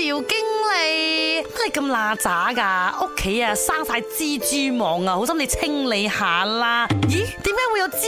趙經理，乜你咁嗱喳噶？屋企啊，生晒蜘蛛網啊，好心你清理一下啦。咦，點解會有蜘。